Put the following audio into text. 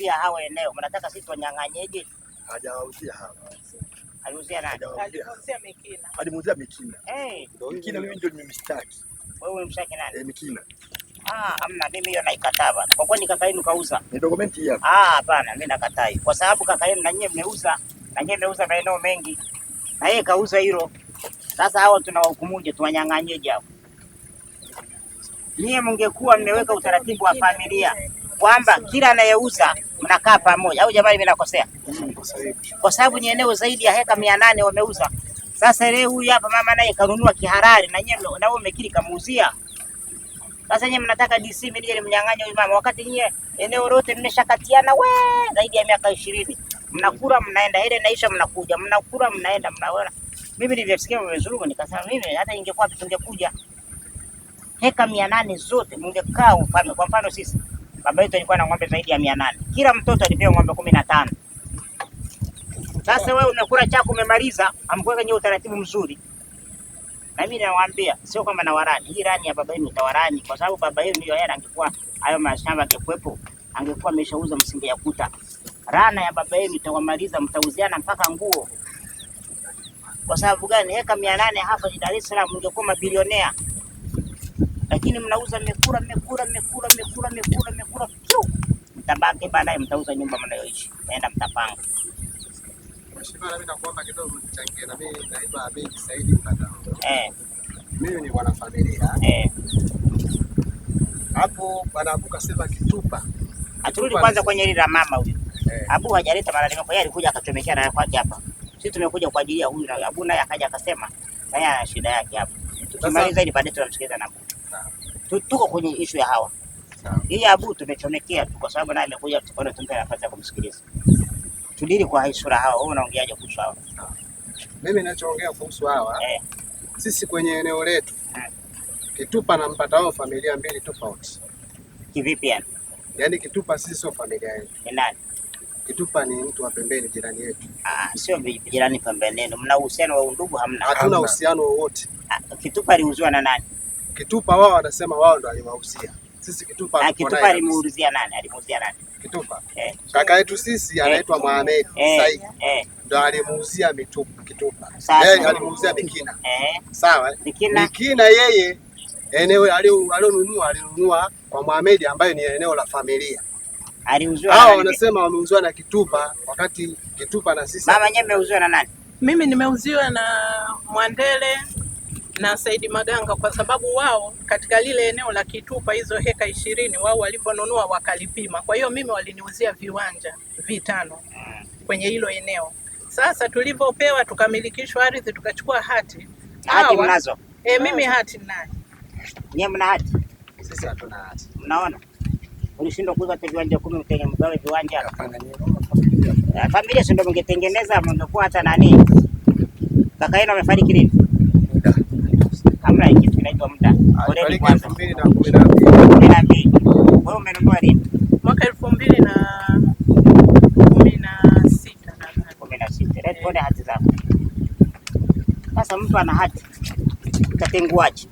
aliwauzia hawa eneo, mnataka sisi tuwanyang'anyeje? Hajawahusia hawa. Aliuzia nani? Aliuzia Mikina. Alimuuzia Mikina. Eh, Hey. Mikina mimi ndio nimemshtaki. Wewe umemshtaki nani? Eh, Mikina. Ah, amna mimi hiyo naikataa bana. Kwa kweli kaka yenu kauza? Ni document hii hapa. Ah, hapana, mimi nakatai. Kwa sababu kaka yenu na nyie mmeuza, na nyie mmeuza maeneo mengi. Na yeye kauza hilo. Sasa hawa tunawahukumuje, tuwanyang'anyeje hapo? Nyie mngekuwa mmeweka utaratibu wa familia kwamba kila anayeuza mnakaa pamoja, au jamani, mimi nakosea? Kwa sababu ni eneo zaidi ya heka mia nane wameuza. Sasa leo huyu hapa mama naye kanunua kiharari, na nyewe na wewe umekiri kamuuzia. Sasa nyewe mnataka DC mimi nije nimnyang'anye huyu mama, wakati nyewe eneo lote mmeshakatiana we zaidi ya miaka ishirini. Mnakula mnaenda, ile naisha mnakuja, mnakula mnaenda, mnaona. Mimi nilivyosikia mmezuru nikasema mimi hata ingekuwa tungekuja heka mia nane zote mungekaa ufalme. Kwa mfano sisi baba yetu alikuwa na ng'ombe zaidi ya mia nane. Kila mtoto alipewa ng'ombe kumi na tano. Sasa wewe unakula chako umemaliza, amkuweka kwenye utaratibu mzuri. Na mimi nawaambia sio kama na warani. Hii rani ya baba yenu utawarani kwa sababu baba yenu hiyo hela angekuwa hayo mashamba angekuepo, angekuwa ameshauza msingi ya kuta. Rana ya baba yenu itawamaliza, mtauziana mpaka nguo. Kwa sababu gani? Heka mia nane hapa Dar es Salaam ungekuwa mabilionea lakini mnauza mekura mekura mekura mekura mekura mekura mmekula, mtabaki baadaye, mtauza nyumba mnayoishi, naenda mtapanga. Mheshimiwa, mimi nakuomba kidogo mnichangie, na mimi naitwa Abedi Saidi Mtandao. Eh, mimi ni familia. eh. Hapo bwana Abu kasema kitupa aturudi kwanza kwenye ile la mama huyu eh. Abu hajaleta malalamiko yeye, alikuja akachomekea na kwake hapa. Sisi tumekuja kwa ajili ya huyu, na Abu naye akaja akasema naye ana shida yake hapa. Tukimaliza ili baadaye tunamsikiliza na Abu tuko kwenye ishu ya hawa hii Abu tumechomekea tu, kwa sababu naye amekuja tukaona tumpe nafasi ya kumsikiliza. Tudili kwa hii sura hawa, wewe unaongeaje kuhusu hawa? Mimi ninachoongea kuhusu hawa eh, sisi kwenye eneo letu hmm, Kitupa mpata wao familia mbili tofauti. Kivipi yani? Yaani Kitupa sisi sio familia yetu. Ni nani? Kitupa ni mtu wa pembeni, jirani yetu. Ah, sio jirani pembeni. Mna uhusiano wa undugu hamna? Hatuna uhusiano wowote. Ah, kitupa aliuziwa na nani? Kitupa wao wanasema wao ndo aliwauzia sisi. Kitupa ah, Kitupa alimuuzia nani? Alimuuzia nani? Kitupa eh, kaka yetu sisi eh, anaitwa eh, Mohamed eh, sai eh, ndo alimuuzia mitupa Kitupa yeye eh, alimuuzia Bikina eh, sawa eh? Bikina. Bikina yeye eneo alionunua alinunua kwa Mohamed ambaye ni eneo la familia hao wanasema wameuziwa na Kitupa wakati Kitupa na sisi. Mama, nyewe ameuziwa na nani? Mimi nimeuziwa na Mwandele na Saidi Maganga kwa sababu wao katika lile eneo la Kitupa hizo heka ishirini wao walivyonunua wakalipima. Kwa hiyo mimi waliniuzia viwanja vitano kwenye hilo eneo. Sasa tulivyopewa tukamilikishwa ardhi tukachukua hati. Hati mnazo? Eh, mimi hati ninayo. Nyie mna hati? Sisi hatuna hati. Mnaona? Ulishindwa kuuza viwanja kumi mtenye mgawe viwanja. Eh, familia sio ndio mngetengeneza mngekuwa hata nani? Kaka yenu amefariki lini? hamna kitu kinaitwa muda. Already ah, kwanza mbili Wewe umenunua lini? Mwaka kumi na sita tuone hati zako. Sasa mtu ana hati. Utatenguaje?